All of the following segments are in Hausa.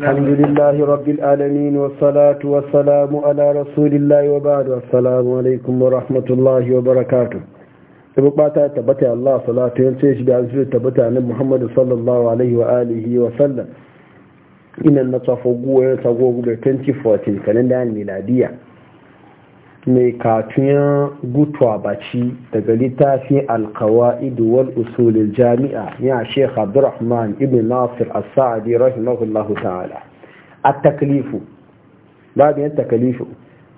الحمد لله رب العالمين والصلاة والسلام على رسول الله وبعد السلام عليكم ورحمة الله وبركاته ibu bata tabbata Allah salatu yace shi da zuwa tabbata nan Muhammad sallallahu alaihi wa alihi wa sallam inan na tsafa guwa ya miladiya mai katuyan gutuwa baci daga littafin alkawa'id wal usulil jami'a ya sheikh abdurrahman ibn nasir as-sa'di rahimahullah ta'ala at-taklifu babu yan taklifu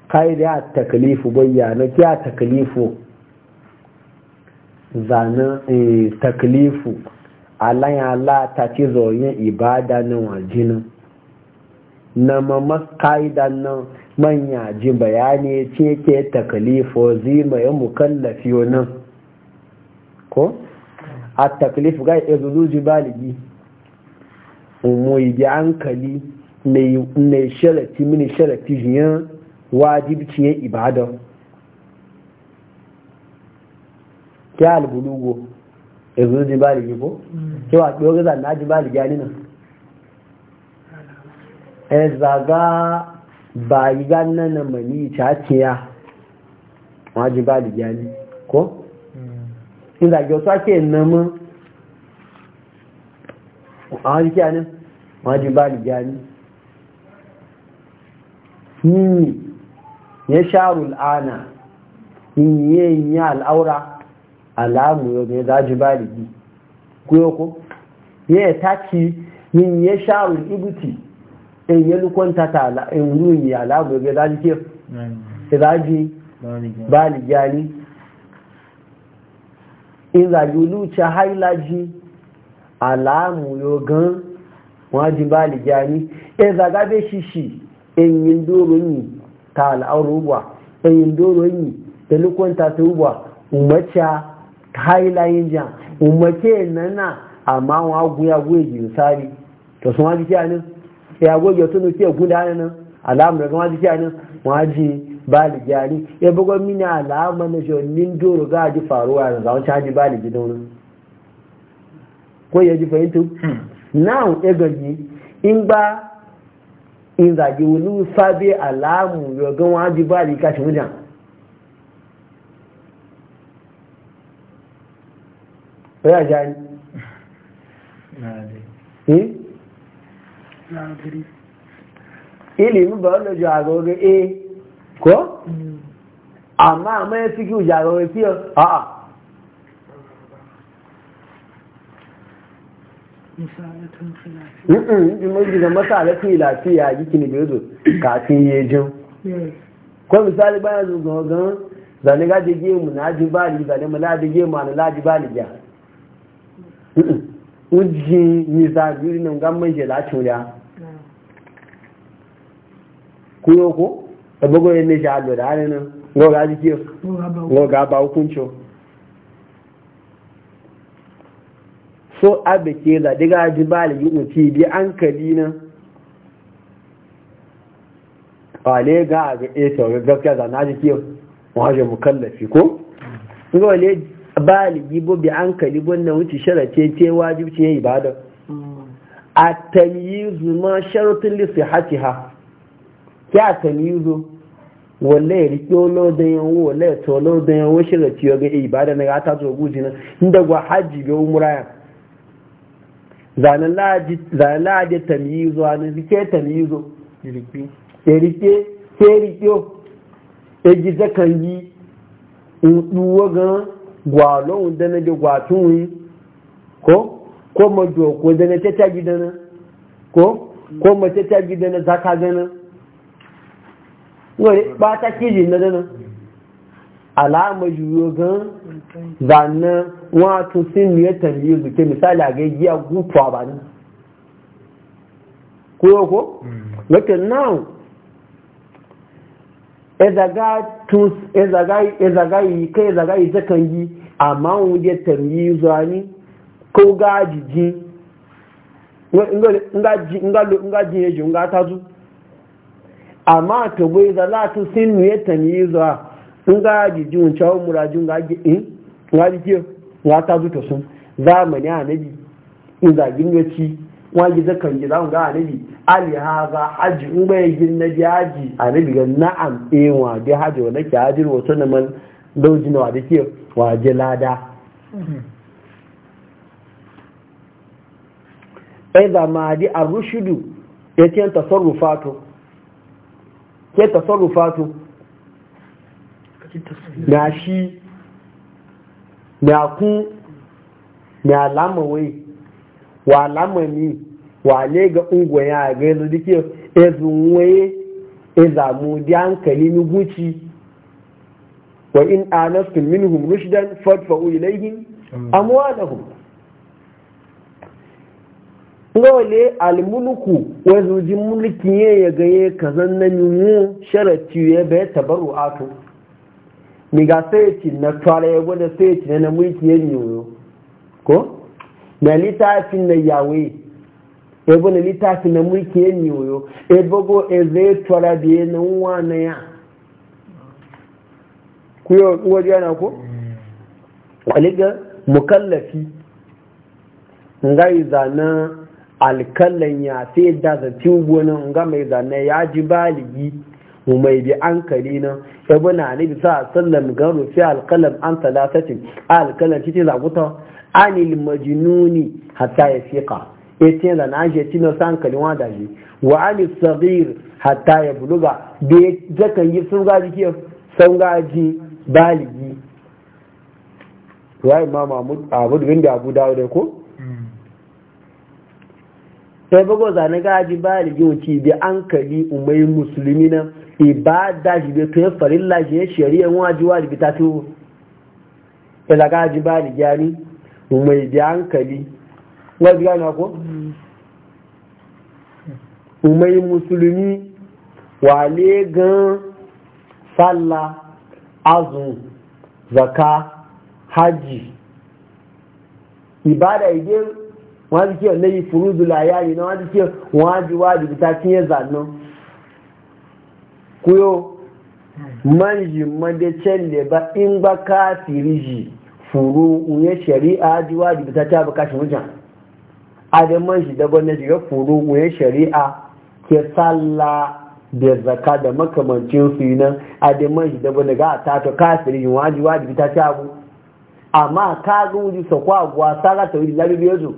kaida eh, ya taklifu bayyana ki ya taklifu zana taklifu alaya la ta ci zoyin ibada na wajinan na mamas kaidan nan manya ji bayani ce ke takalifo zima ya mukallafi nan ko a takalifu ga ya zuzu ji baligi umuyi hankali mai sharafi mini sharafi jiyan wajibciyar ibada ke albulugo ya zuzu ji baligi ko cewa mm. ɗorizan na ji baligi ya nina eh, zaga ba yi ganin na mani cakiya wajen ba da ni ko? Hmm. inda ga wasu ake nama a wajen kya nan wajen ba da ni yi ya sharu al'ana yi yi al'aura alamu yau ne ji ba da ko? ya taki yi ya sharu ibuti in yi lukwanta ta ala in ruyi ala gobe za ji ke za ji baligyani in za ji lucha hailaji alamu yogan waji baligyani in e za gabe shishi in yi doro yi ta al'auru uwa in yi doro yi da lukwanta ta uwa umarca hailayin jan umarce nana amma wa guya guya jinsari to sun waji ke anin e goge tunu ke gudanar nan alamun da waji ke nan waji baligi ani ya bugon mini alamun na shonin doro ga ji faruwa yanzu a wancan haji baligi da wani ko ya ilimin biology a gobe a ko? amma mai fiki a gobe fiye a a misali da masalatun a jikin bezo kafin yejin ko misali bayan zane gaji gemu na aji bali zane mu laji gemu na laji bali ya ujji nisa biyu nan gan mai jelacin ya kuyo ko da bugo yin ne jalo da hannun ga ga jiki ga ga ba hukuncin so abe ke da diga ji ba yi uti bi an kali na wale ga a ga eto eh, ga gaskiya da na jiki wajen mukallafi ko ga wale ba da gibo bi an kali na wuce sharace ce wajibci ya ibada mm. a tamyizu ma sharutin ha. kí àtẹ̀lẹ́rọ wọlé ìrìkí olóòdẹ̀yàn wọlé ẹ̀tọ́ olóòdẹ̀yàn wọ́n ṣe rẹ̀ tí ọgbẹ̀ ìbádẹ́ na látàtò ogún jìnnà ń dẹ̀gbà hajji bí ó múra yàn zanilaaje tamiyizo ana rike tamiyizo ìrìkí kéríkí ó èjì zẹ́kàn yí ìwọ́ gan gbà lóhun dẹ́nẹ́ jẹ gbà tún yí kó kó mọ̀ jù ọkọ̀ dẹ́nẹ́ tẹ́tẹ́ gidana kó kó mọ̀ tẹ́tẹ́ gidana zaka gana wani ɓata kiri na dana alama juyo zanna zanen wato sin ne misali a yi gutuwa ba ne ko ko wata nan ezaga yi kai ezaga yi zakan yi amma wuje tambayi zuwa ni ko gajiji nga ta zu amma ta bai za la ta sin ne ta ni za in ga jiji un chawo murajin ga ji in ga ji ke ga ta zuta sun zamani annabi in za gingaci wa ji da kan ji za ga annabi ali haza haji in bai gin na ji haji annabi ga na'am eh wa da haji wa nake hajir wa sunan daujin wa da ke wa ji lada Aiza ma di a rushidu ya ce tasarrufatu ke tasarrufatu na shi na ku na lamawai wa lamani wa ne ga ungoya a ga yanzu dike ezunwaye zamu di hankali ni guci wa in anastu minhum rushdan fadfa'u ilayhim amwalahum dole almulku wa ji mulki ya ya gaye kazan na mu sharati ya bai tabaru ato ni ga sai ci na tare ya gwada sai ci na mulki ya niyo ko na litafin na yawe ebo na litafin na mulki ya niyo ebo go eze tara biye na nwa na ya ku yo ngwaje yana ko mm. aliga mukallafi ngai zana alkalan ya sai da zatin gonan ga mai zane ya ji baligi mu mai bi an kari nan yabi na nabi sa sallam ga rufi alkalan an talatatin alkalam cikin zaguta anil majnuni hatta ya fiqa yace da na je tino san kali wa da shi wa anil saghir hatta ya buluga be zakan yi sun ga jiki sun ga ji baligi wa imam Ahmad Abu da ko sai bago zane ga ji ba ligi wuce bi an kari umai musulmi na ibada shi bai tuye farin lashe shari'a waji waji ta tuwo ila ji ba da gyari umai bi an kali waji gani ko umai musulmi wale gan falla azun zaka Hajji, ibada idan wọ́n á ti kí ọ̀nà yìí fúrúdù láyá yìí náà wọ́n á ti kí wọ́n á di wáàdì bí ta kí yẹn zà náà kúrò man yi made celle ba in ba kafiri ji furu unye shari'a ji wáàdì ta ta bukashin wajen adaman shi daban na shiga furu unye shari'a ke sallah da zaka da makamancin su yi nan adaman shi daban daga a tato kafiri yi wáàdì wáàdì ta ta abu amma ka ga wuji sakwa gwa sara ta wuri larabi yanzu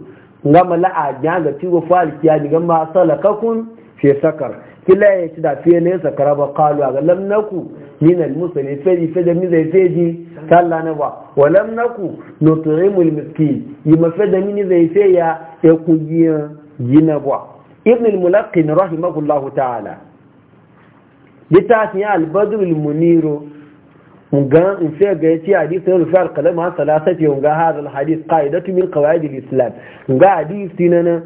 ngama la ajiya ga tiwo falki ya diga ma salakakun fi sakar kila ya ci da fiye ne sakara ba kalu a ga lam naku min al ne fedi fedi mi zai fedi talla na ba wa lam naku nut'imu al miskin yi ma fedi mi zai feya ya kujiya na ba ibn al mulaqin rahimahullahu ta'ala litafiya al badr al muniro ga in sai ga yace hadisi na rufar kalama salasati ga hadal hadis qaidatu min qawaid al-islam ga hadisi na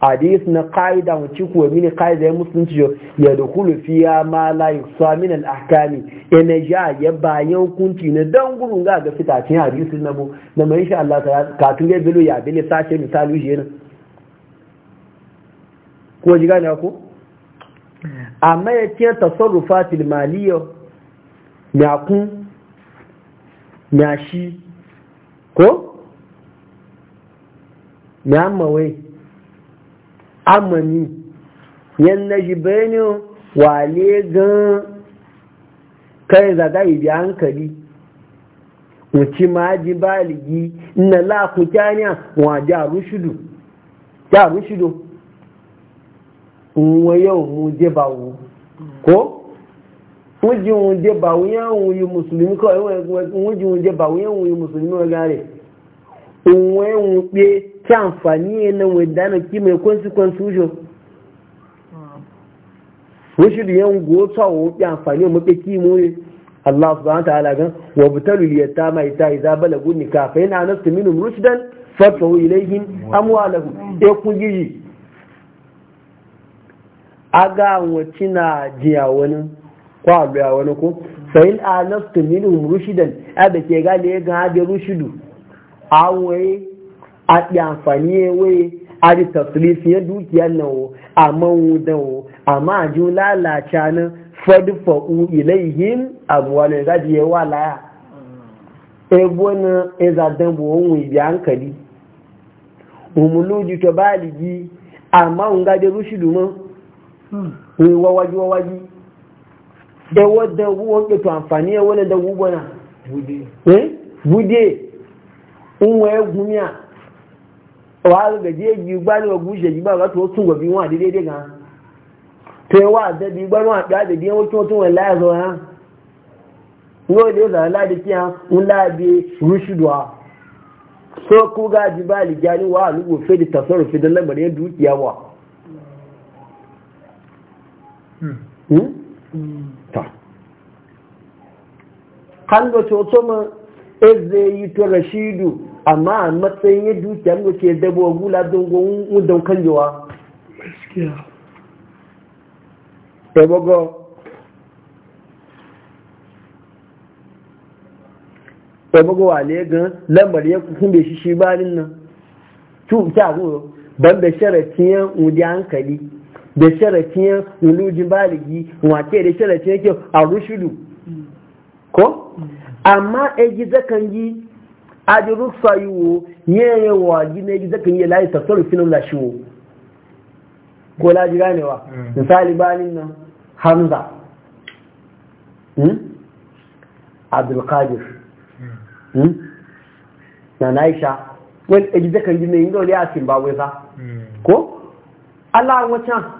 hadis na qaida mu ci kuwa mini qaida ya musulunci yo ya dukulu fiya ma la yusa min al-ahkami ina ja ya bayan kunci na dan gurun ga ga fitacin hadisi na mu na mai insha Allah ta ka tun ga bilu ya bile sace misali shi ne ko ji gane ko amma ya ce tasarrufatil maliyya ya kun na shi ko? na mawai amani yan na shi benin wale gan kai zaga ibi hankali wuce ma ji baligi na lafi kyaniya wa jaru shido jaru shido nwa yau mu je bawo ko? wọ́n jí òun jẹ bàwí àwọn oyè mùsùlùmí kọ́ wọ́n jí òun jẹ bàwí àwọn oyè mùsùlùmí ọ̀gá rẹ̀ òun ẹ̀hún pé kí àǹfààní ẹ̀nà wọ̀ ìdáná kí mọ̀ consequence wúṣọ wọ́n ṣì lè yẹn gbó tó àwọn pé àǹfààní ọmọ pé kí mú rẹ̀ Allah subhanahu wa ta'ala gan wa butalu li yatama ita idza balagu nikah fa in anastum minhum rushdan fatu ilayhim amwalahum yakun giji aga won tina jiya wani ko a biya wani ko sayin a naftu minhum rushidan da ke ga ne ga da rushidu awai a di amfani wai a di taslisi ya dukiya nan wo a mawudan wo amma a ji lalaca nan fadfa'u ilaihim abuwanin gaji ya wa laya ebo na ezadan bu ohun ibi hankali umuluji to baligi amma un gaje rushidu mo hmm. wawaju wawaji. da wadda wadda to amfani ya wani da gubana bude in eh? waye gumiya wa ga je yi gbani wa gushe gi ba wato tun gobi wa dai dai ga te wa da bi gbani wa da da biyan wato tun wala ya zo ha ngo dai za la da kiya un la bi rushudwa so ku ga jibali gani wa lugu fe da tasarrufi da lamarin dukiya wa hmm. Hmm? ta kan da coco ma zai yi to rashidu amma a matsayin ya dukiya da ke dabo gula don gudun kanjewa ebogo eh, eh, a gan lambar ya kun bai shi shi banin nan tu ta go, ban da sharatin yan wudi hankali da sharafin wulujin baligi wace da sharafin yake a rushudu ko amma a zakan yi a ji rufsa yi wo yanyan wagi na yi zakan yi layi sassaru finan lashi wo ko laji ganewa mm. misali banin nan hamza hmm? abdulkadir mm. hmm? na naisha wani a zakan yi na yi ne dole a cikin babu ko Allah wancan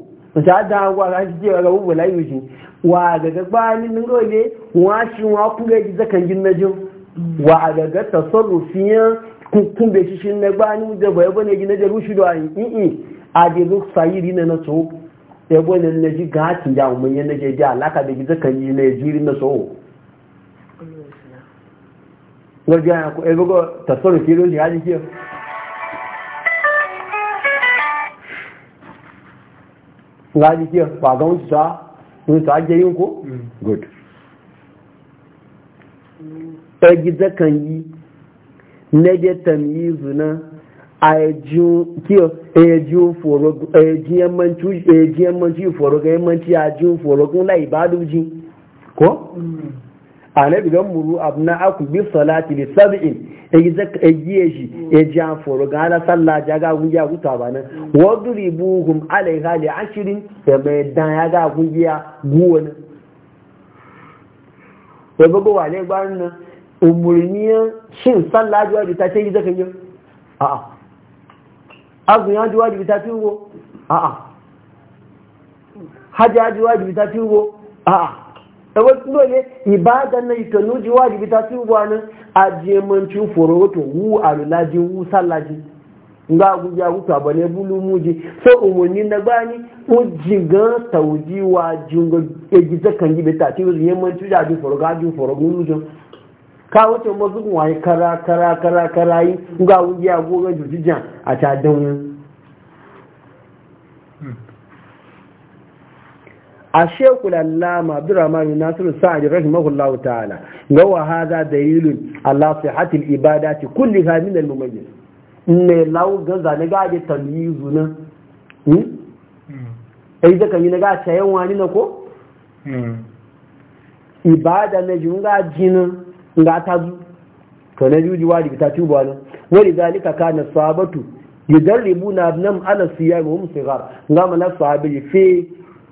ta da hagu a ga bubu layu shi wa daga gbanin role wa shi wa kuma yi zakan jin na wa daga tasarrufiyan kun bai shi shi na gbanin da bai bane gina da rushi da yi a da zo sayiri na na so ya bane na ji gati ya mun yana alaka da gizo zakan yi na jiri na so tasarrufi ji nga ji ke ba ga wuce ta wuce ta ake yin ko mm. good ta gida kan yi na je tamyizu na a yajiyo foro a yajiyan manci foro ga yammanci a yajiyo foro kun la ibadu ji ko mm. anabi gan muru na aku bi salati li sab'in eyi zaka eyi shi e ja foro ga ala salla ja ga gun ya guta bana wadribuhum alaiha li ashirin da bai dan ya ga gun ya guwan e bugo wale gbarin nan umurniya shin salla ji wajibi ta ce yi zaka yi a a azun ya ji wajibi ta tiwo a a hajja ji wajibi ta tiwo wo? A'a. da wasu dole ibadan na itanu ji wajibi ta ci wani foro foroto wu alulaji wu sallaji nga agungi wuta bane bulu muji so umunni na gbani uji ga saudi wa jungo egize kan gibe ta ti wuzi yemman tuja bi foro ga ju foro gulu jo ka wato mazu wa kara kara kara kara yi nga aguja agoga jujijan a ta dan a shekul allama bin nasiru sa'adi rahimahullahu ta'ala ga wa hada dalilun ala sihhati alibadati kulliha min almumayyiz mumayyiz ne law ga zane ga ji tamyizu na hmm? Hmm. ai zaka kan yi ta yan wani na ko hmm. ibada na jin ga jinin ga ta zu to na juji wadi ta tuba ne wani zalika kana sabatu yudarribuna abnam ala siyamihum sigar ngama na sahabi fi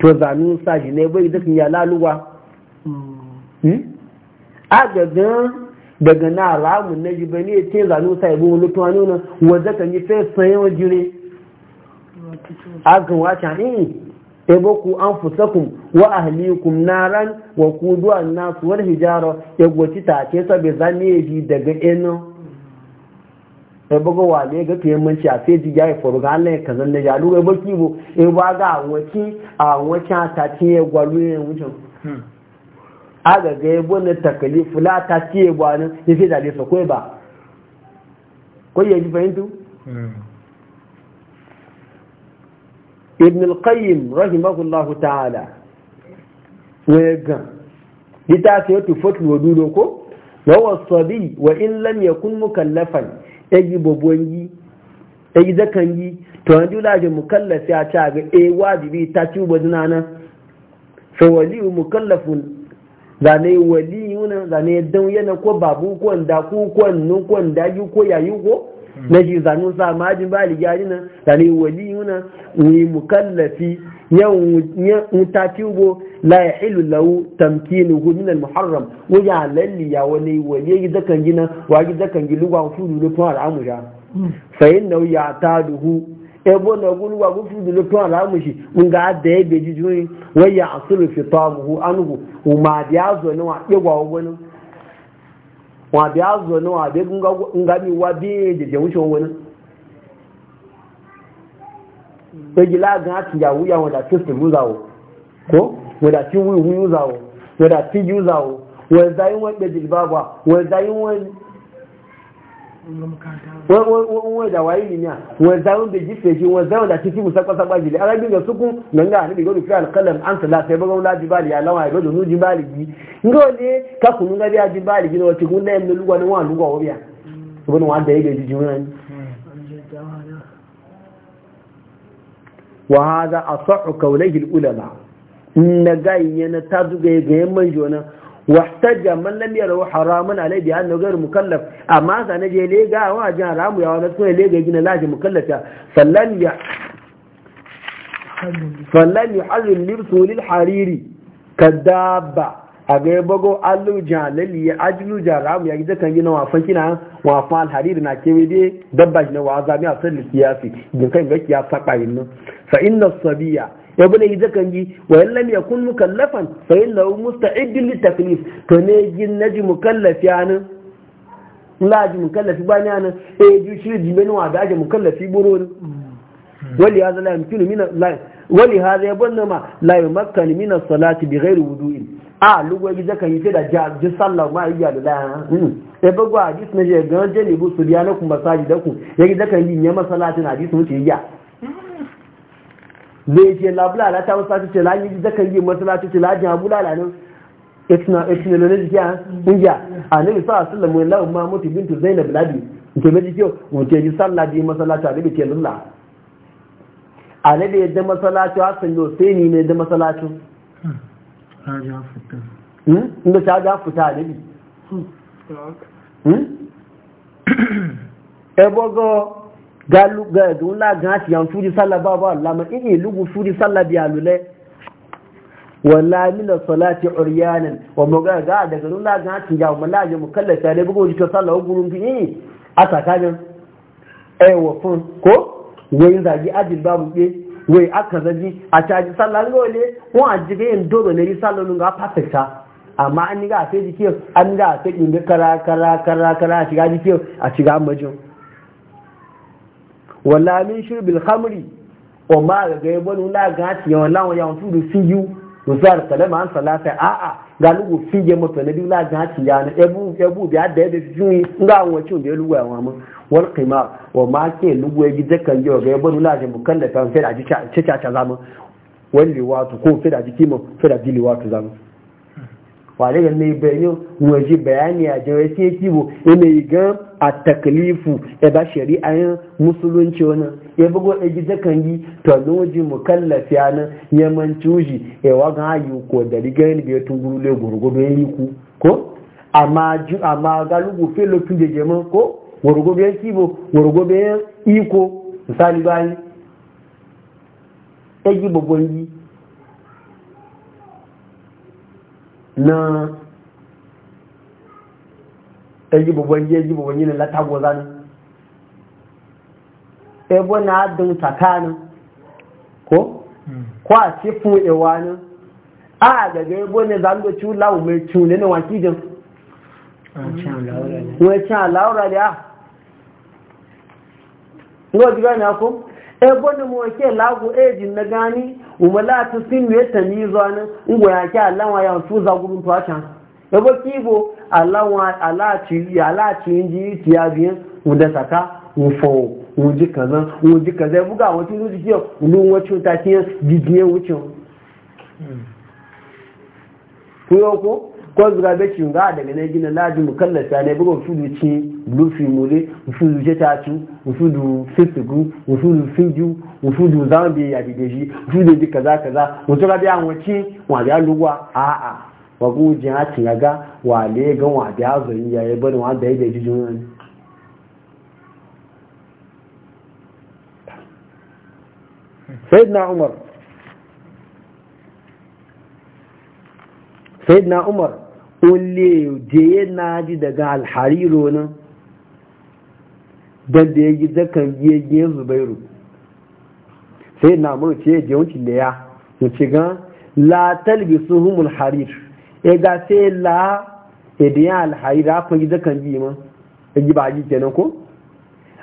to zanun sashi ne bai duk ya laluwa hmm? a gagan daga na alamun na ji bane ce zanun sa ibu wani tuwa nuna wadda kan yi fai sayan jire a kan wata ne ebo ku an fusakun wa ahlikum naran wa kuduwa nasu wani hijara ya e gwaci ta ce zane ji daga eno sai buga wale ga fiye manci a sai ji ya yi faru ga halayen ka zanne ya lura ba ki bo in ba ga waki a wakin ta ce ya gwalu ya wucin A ga ya bane takali fula ta ce ya gwanin ya fi dale sa koi ba kwai ya ji fahimtu ibn al-qayyim rahimahullahu ta'ala wai ga littafi ya tufatu wa dudo ko wa wasabi wa in lam yakun mukallafan yayi babban yi yayi zakan yi to an jula ji mukallaf ya ci ga eh wajibi ta ci ba zina nan fa wali mukallafun zane wali yuna zane dan yana ko babu ko da ku ko nun ko da yi ko yayi ko hmm. na ji zanu sa majin bali gari nan zane wali yuna ni mukallafi yan tafi wo la ya hilu lahu tamkinu hu min al-muharram wo ya lalli ya wani wani yi zakan gina wa yi kan gi lugwa fu du lu tun al'amusha fa ya ebo na gu lugwa gu fu du lu tun al'amushi ga da ya beji juyi wa ya asulu fi tamuhu anhu ma biya zo ni wa degwa wani wa biya zo ni wa be gunga wa be gbẹ̀gìlá gan àti ìyàwó yà wọ́n dà tí òsì wúzà o kó wọ́n dà tí wúwú yúzà o wọ́n dà tí yúzà o wọ́n ẹ̀dá yín wọ́n ni à wọ́n ẹ̀dá yín bèjì fèjì wọ́n ẹ̀dá yín nga sukun gbẹ̀ngà àti ìgbẹ́rù fi àlùkálẹ̀m àǹtẹ̀lá àti ẹ̀bọ́n ńlá nga ò ní kakùnú nga a di báàlì yìí ni wọ́n ti kún lẹ́yìn ni wọ́n àlùkọ̀ wa hadha asahu qawlihi ulama inna gayyana tazuga ga yamman jona wahtaja man lam yarahu haramun alai bi annahu ghayr mukallaf amma sana je le ga wa jan haramu ya wani sun le ga gina laji mukallafa sallan ya sallan yuharrim lirsu lil hariri kadaba a ga ya bago alluja lalli ya ajiluja ramu ya gida kan gina wafan kina wafan alhariri na kewe dai dabba shi na wa azami a salli kiyasi jin kan ga kiyasa ƙayin nan fa inna sabiya ya bude gida kan gi wa in lam yakun mukallafan fa inna hu musta'iddin li taklif to ne jin naji mukallafi anan la ji mukallafi ba ni anan eh ju shi ji bani wa da ga mukallafi buru ne hmm. wali hadha la yumkinu min la wali hadha yabanna ma la yumakkanu min as-salati bighairi wudu'in a ah, lugu gi zaka yi da ja ji sallah ma iya da la sai ah, hmm. e bago hadis na je ga je libu su biya na kun masaji da ku yagi e zaka yi ne masallatin hadis mun ce ya ne hmm. ce labla la ta wasati ce la yi zaka yi masallatin ce la ji abula la nan itna e itna ne ji ya ah, hmm, ya annabi sallallahu alaihi wasallam la umma mutu bintu zainab labi ke meji kiyo mun ce ji sallah ji masallatin da ke lulla annabi ya da masallatin hasan yo sai ni ne da masallatin Hmm? inda ta ja fita ne bi hmm? hmm? ebogo galugagun lagun ati yan turi sallah ba ba lama igi lugu turi sallah bi alule wala min salati uryanan wa magaga daga nun lagun ya mu laje mu kallata ne bugo jito sallah gurun bi asa kanin ewo eh, fun ko goyin zagi ajin babu wai aka zaji a caji sallah ga wale wọn a jiga yin doro na yi sallah nun ga perfecta amma an ga sai jiki an ga sai inda kara kara kara kara a shiga jiki a shiga majin wala min shurbil khamri o ma ga ga bonu la ga ci yawan lawan yawan tudu fiyu musar kalama an salata a a ga lugu fiye mutane dula ga ci ya na ebu ebu biya da da fiyu ga wancin da ya lugu ya wa mun wal qimar wa ma ke lugwe gi dakan yo ga yabo la je mukallafa fi da ci ci ta zama wal liwatu ko fi da jiki mu fi da liwatu zama wale ga ne bayo waje bayani a jawe sai kibo ina ga a taklifu e ba shari'a yin musulunci wani ya bugo a gida kan yi to noji mukallafi yana yaman cuji e wa ga yi ko da riga ni biyo tun gurule gurgudu yi ku ko amma amma galugu filo tun je ko wargobe kibo wargobe iko misali bayi ɗagi yi na ɗagi yi ya babban yi na latago ne ebe na adin tsakanin ko ko a ce fun ewa ne a gaga ebo ne za mu da ciwo lawo mai ciwo ne na wakijin wacce a laura da ya ngo diga na ko e bonne mo ke lagu e jin na gani umala tu sin ne tamizo an ngo ya ke Allah wa ya su za gurun to acha e bo kibo Allah wa Allah ya Allah ci ti ya bi mu da saka mu fo mu ji kaza mu ji kaza buga wata ruji ke mu wacce ta tiyan bidiye wucin hmm. ku yo ko ko zuga be ci nga daga ne gina laji mukallasa ne bugo fudu ci lufi mule fudu je tatu fudu fisugu fudu fiju fudu zambi ya digeji fudu di kaza kaza mutu ga biya wanci wa ya luwa a a wa ku ji ha ci ga wa le ga wa biya zuri ya yi bani wa da ya ji jun sayyidina umar sayyidina umar ole je na ji daga alhariro nan don da ya yi zakar yi zubairu sai na mun ce je wuce da ya wuce gan la talibi sun humul harir e ga sai la idiyan e alharir haka yi zakar yi ma ya e yi ba a ji kenan ko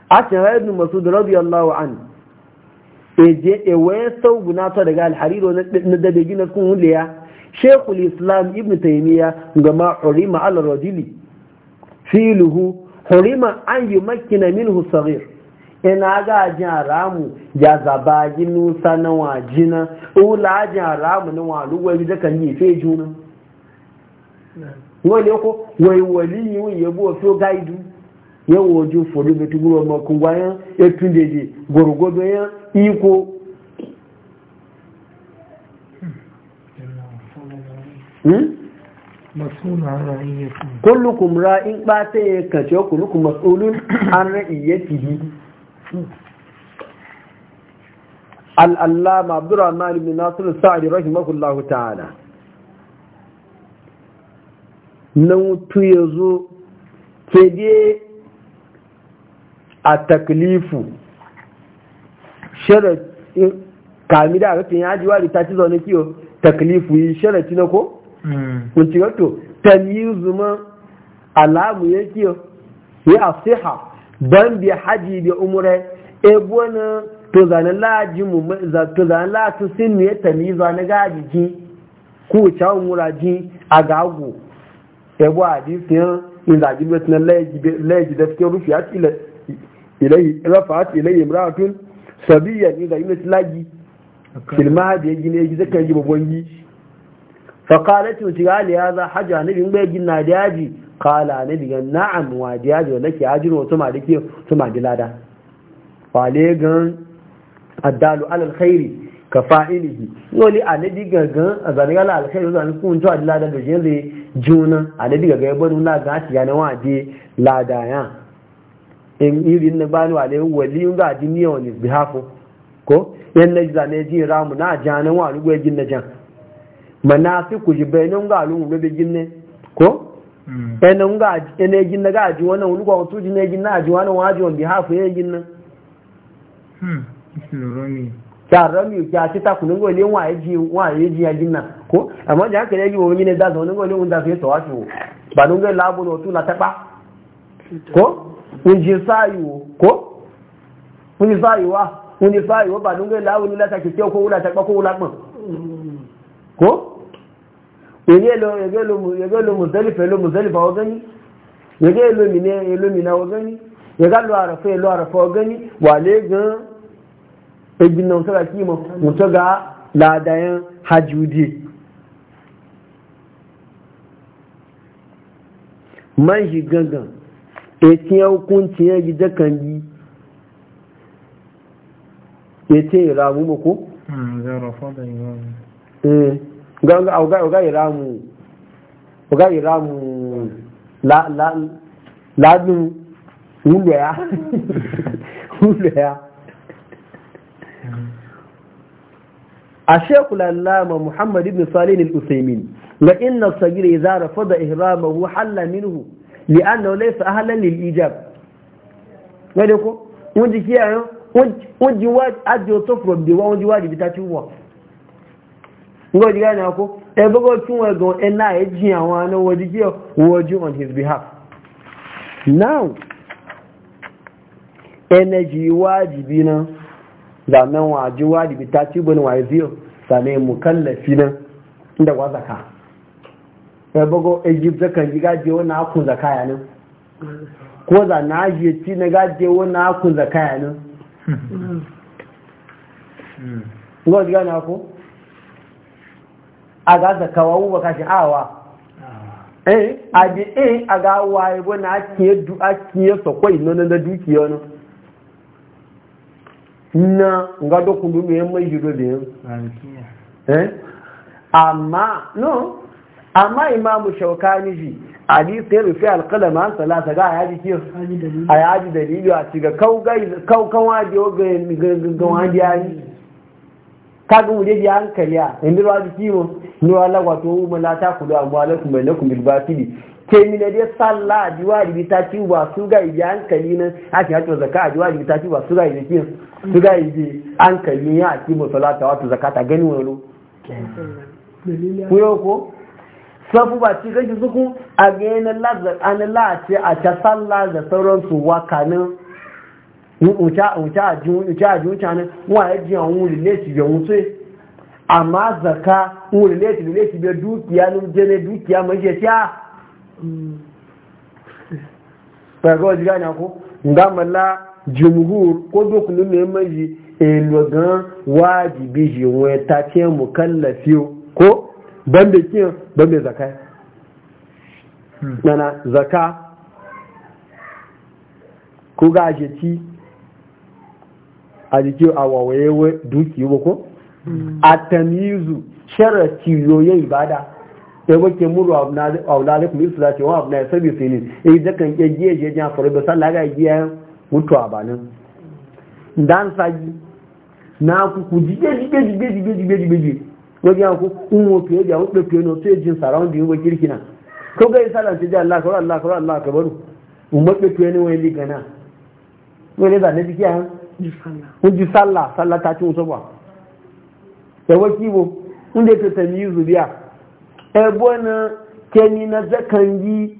a cin haɗin masu da radiyallahu an e je ewe sau guna ta daga alhariro na dabe gina kun ya? shekul islam ibn taimiyya Orima ma hurima ala rajuli filuhu hurima an yi makina minhu sarir ina ga ajin haramu ya zaba nusa na wajina ula ajin haramu na waluwa yi zaka yi fe juna wani ko wai wali yi yabo so gaidu yawo ju fori betu ya makungwayan etun deje gorgodo ya iko Hmm? kullukum ra'in ba ta yi kace kullukum mas'ulun an ra'iyatihi al-allama abdurrahman ibn nasir sa'di rahimahullahu ta'ala nan tu yazo kede a taklifu sharat kamida ga tin yaji wali ta ci zaune kiyo taklifu yi sharati na ko kun ci wato tamyizu ma alamu yake ya asiha dan bi haji bi umre e bona to zan laji mu za to zan la to sin ne tamyizu na gaji ji ku cha umura ji agagu e bo adi hadisi in da jibe tin leji leji da ke rufi atile ila ilai rafa'at ilai imra'atun sabiyan in da ina laji filma da gine ji zaka yi babban yi فقالت وتقال هذا حج نبي بيجي نادياجي قال نبي نعم وادياجي ولك اجر وتما دكي تما دلادا wale gan addalu alal khairi ka fa'ilihi wani anadi gangan a zanen ala alkhairu zanen kun to adi lada dojin zai juna anadi gaga ya bari na gashi ya na waje lada ya in irin na bani wale wali yun ga adi niyan wani bihafu ko yan na zane jin ramu na jana wani gwajin na jan manasi ku ji bayanin ga alun gobe ginne ko bayanin ga ene ginne ga ji wannan wani gwa a ji wannan waji on behalf ya ginne hmm ta rami ya ci ta kunun wa ya ji wa ya ya ko amma da haka ne ji wani da zo nan gole wanda sai ba nun ga labu no ta ba ko sayu ko ni la ta yẹ̀gẹ́ lo mùsẹ́lìfẹ́ lo mùsẹ́lìfẹ́ ọgẹ́ ní yẹ̀gẹ́ elómìnà ọgẹ́ ní yẹ̀gẹ́ lo àràfẹ́ lo àràfẹ́ ọgẹ́ ní wà lé gan ẹgbìnà sọ́rọ̀ kí mọ̀ mùtọ́gá láàdáyán hajjúdí man yi gangan etin yankun ti yan gidan kan yi etin ìràwọ̀ mọ̀kó? ga ga iramu ga iramu la la la nu wule ya wule ya a shekul allama muhammad ibn salih al-usaimin la inna sagira idza rafada ihramahu halla minhu li'annahu laysa ahlan lil ko ngoji gani ako e bogo tunwe go e na e ji awon ana wodi ki woju on his behalf now energy wajibi na zanen waji wajibi ta ci bin wajiyo sane mukallafi na inda wa zaka e bogo egypt zakan ji gaje wannan akun ya nan ko za na ajiye ci na gaje wani akun zakaya nan hmm. ngoji gani ako a ga wa uba kashi awa eh a ji eh a ga waye gona ake yadda ake yasa kwai nan na dukiya no na ga dokun dumi yan mai jiro de eh amma no amma imamu shaukani ji sai ya rufe alqalam an salasa ga ya ji kiyo a ya ji dalili a ci ga kau kau kan waje ga ga waje ya yi kaga wuri biya hankali a inda ruwa jiki mu ni wala wato mu la ta kulu amma la kuma la kuma bilbatili ke mi ne dai salla jiwa ribi ta ci ba su ga biya hankali nan ake hato zakka jiwa ribi ta ci ba su ga jiki su ga ji hankali ya ci mu salata wato zakata gani wani ku yau ko safu ba ci gaji suku a ga la a ta salla da sauransu wakanin ìjáàjúnjáni wọ́n àyẹ́ jí àwọn olùlẹ́sì yọ̀un tó àmá zaka olùlẹ́sì lẹ́sì bẹ dúkìá ló jẹ́lẹ̀ dúkìá mọ́ṣẹ́ tí a pẹ̀lú ọjíká ní àkó ngámọ́lá jùmúhùr kó dókùnlú mẹ́mọ́ yìí èlò gan wájìbí yìí wọ́n ẹ̀ta tí ẹ mú kálẹ̀ sí o kó zaka hmm. nana zaka ko gáàjẹ̀ tí a jiki a duki ba ko a tamizu sharar kiyoyin ibada ya wake muru aulalikum isla ce wa abu na ya sabi su ne ya yi zakan ke giye jan faru da sallah ga giya mutu a banin dan saji na kuku jige jige jige jige jige jige jige sai jin sarawun da ko ga kawai kawai kabaru umar ne wani ligana wani zane hujji sallah sallah ta ci musu ba da waki bo inda ta tani yi zuriya ebo na keni na zakan yi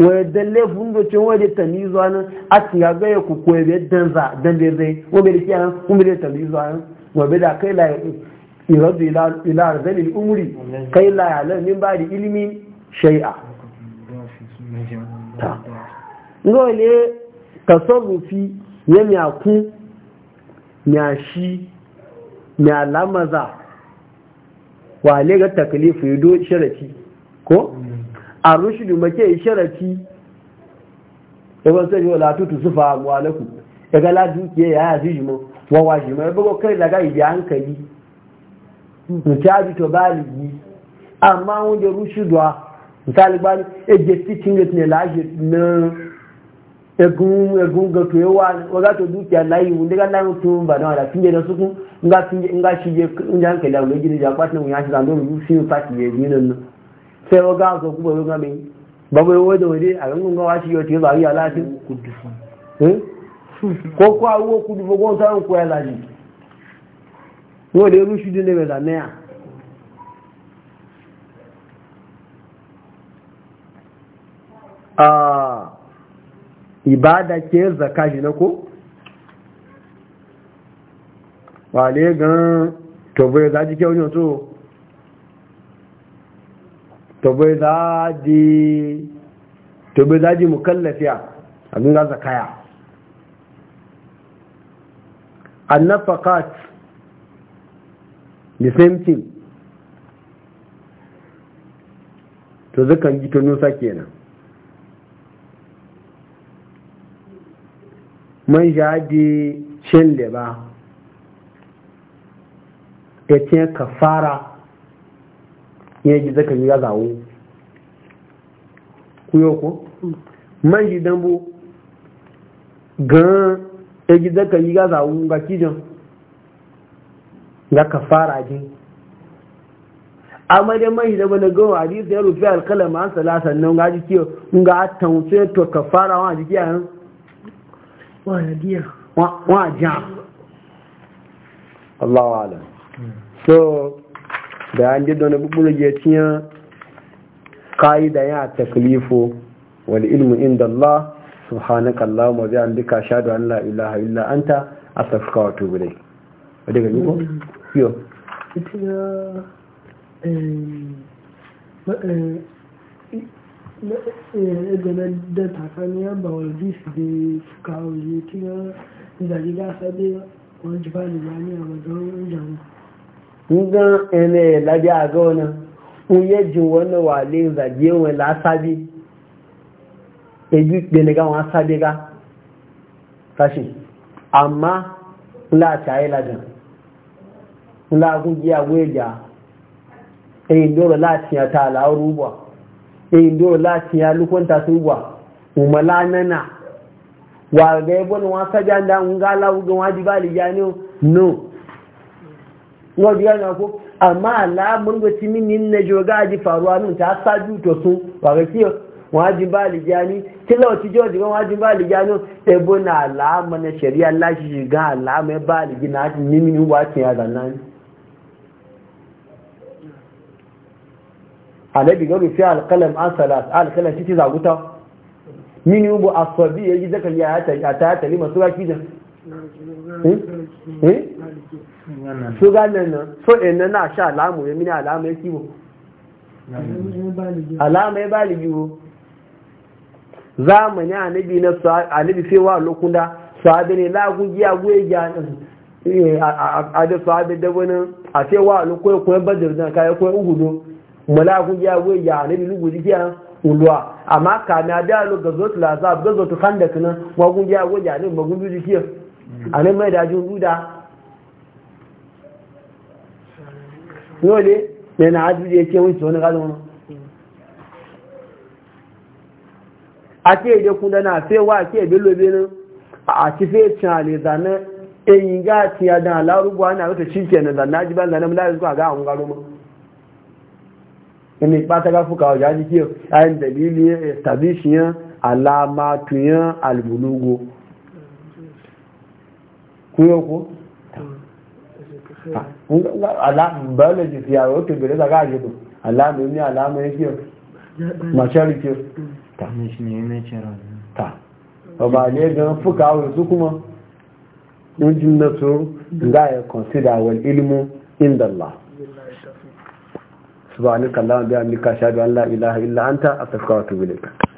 Wai da laifin da cin wajen tani zuwa nan a tiya gaya ku koya bai dan za dan bai zai wabe da kiyan wabe da tani zuwa nan wabe da kai la iradu ila arzalil umri kai la yalan min ba da ilimin shai'a ta ngole tasarrufi ya miyaku miyashi miyalamaza wale ga takalifu ya do sharafi ko a rushidu make sharafi ya wasu yi wala tutu sufa walaku ya ga la dukiya ya yi ma wawa ma ya bugo kai daga ibi hankali mutabi to baligi amma wanda rushidu a misali bali ejesti cikin ne laje na egun egun ga to yawa waga to dukiya layi mun daga nan to ba na da tinje na nga tinje nga shije nja nke da wuri gidi ya kwatna mun ya shi zando mu shi sai waga zo ku ba waga mai ba bai wode wode a wa shi yo te ba eh? ya latin kudufu awo kudufu ko ta ko ya laji wo de ru shi de ne ba na ya ibada ke zaka shi na ko wale gan tobe za ke onye oto tobe za ji tobe za ji mukallafiya abin ga zakaya fakat the same thing to zakan gito nusa kenan man jadi shin leba ya ce ka fara ya ji zaka yi gazawo kuyo ko man ji dambo gan e ya ji zaka yi gazawo ga kijin ga ka fara jin amma dai man hidaba na gawa hadisi ya rufe alkalar ma'an salasa nan ga jiki ga tausaye to ka fara wa jiki a wọ́n àjá so da an jidda wani bukuru ya ciyan ka'ida ya taklifo wal ilmu inda Allah subhanaka Allah wa bi'an an la ilaha an anta astaghfiruka wa atubu ita eh, eh, gane da takaniyar ba walvis da kawo yekiyar zarida sabe wani jibali mani a wajen jamu nigan ene labi aga wani unye jin wani wale zage wani lasabi ebi gbeniga wani sabi ga sashi amma la ta yi lajan la gugiya weja eyi lori lati ya ta ala'urubuwa e lati ya lukunta tuwa umala nana wa ga wa saja nda ngala ugun waji bali yani no wọn diga yana ko amma la mun go timin nin ne joga ji faruwa nun ta saju to sun wa ga kiyo waji bali yani kila ti joji bali ebo na la mun sharia ga ala me bali gina ni min wa ti ya zanan annabi ga rufi alƙalam an salas alƙalam titi zaguta min yubu asabi yayi zaka ya ta ta ta lima su baki da su ga so ina na sha alamu ya mini alamu ya kiwo. alamu ya baligi wo zamani alebi na annabi sai wa lokunda sahabi ne la ku giya goye giya a da sahabi da wani a sai wa lokoyi kuma badar da kai ko ugudu malakun ya wai ya ne lugu dikiya ulwa amma k'a kana da lo gazo tlaza gazo to kan da kana wagun ya wai ya ne magun dikiya hmm. anan mai da jin ruda dole ne na hadu da yake wani wani galon ake da kun na fe wa ake bello benin a ci fe chale zanan eyin ga ti adan larugo ana wata shikenan zanna jiban zanan mulayi zuwa ga an garo mu ne ɓata fuka wajen aji kiyo ayin dalili establishiyan ni ta ọba kuma injin na so ga ya consider wal ilmu سبحانك اللهم بحمدك اشهد ان لا اله الا انت استغفرك واتوب اليك